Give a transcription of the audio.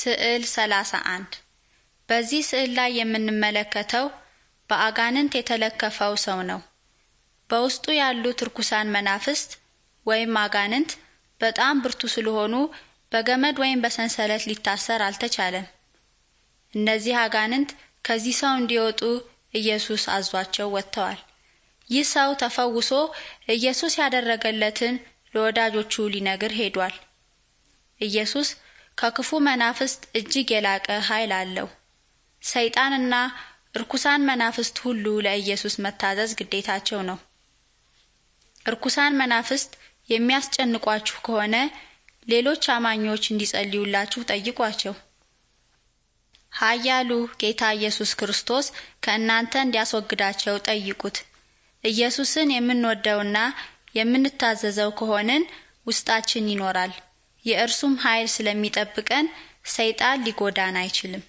ስዕል 31 በዚህ ስዕል ላይ የምንመለከተው በአጋንንት የተለከፈው ሰው ነው። በውስጡ ያሉት ርኩሳን መናፍስት ወይም አጋንንት በጣም ብርቱ ስለሆኑ በገመድ ወይም በሰንሰለት ሊታሰር አልተቻለም። እነዚህ አጋንንት ከዚህ ሰው እንዲወጡ ኢየሱስ አዟቸው ወጥተዋል። ይህ ሰው ተፈውሶ ኢየሱስ ያደረገለትን ለወዳጆቹ ሊነግር ሄዷል። ኢየሱስ ከክፉ መናፍስት እጅግ የላቀ ኃይል አለው። ሰይጣንና እርኩሳን መናፍስት ሁሉ ለኢየሱስ መታዘዝ ግዴታቸው ነው። እርኩሳን መናፍስት የሚያስጨንቋችሁ ከሆነ ሌሎች አማኞች እንዲጸልዩላችሁ ጠይቋቸው። ኃያሉ ጌታ ኢየሱስ ክርስቶስ ከእናንተ እንዲያስወግዳቸው ጠይቁት። ኢየሱስን የምንወደውና የምንታዘዘው ከሆንን ውስጣችን ይኖራል። የእርሱም ኃይል ስለሚጠብቀን ሰይጣን ሊጎዳን አይችልም።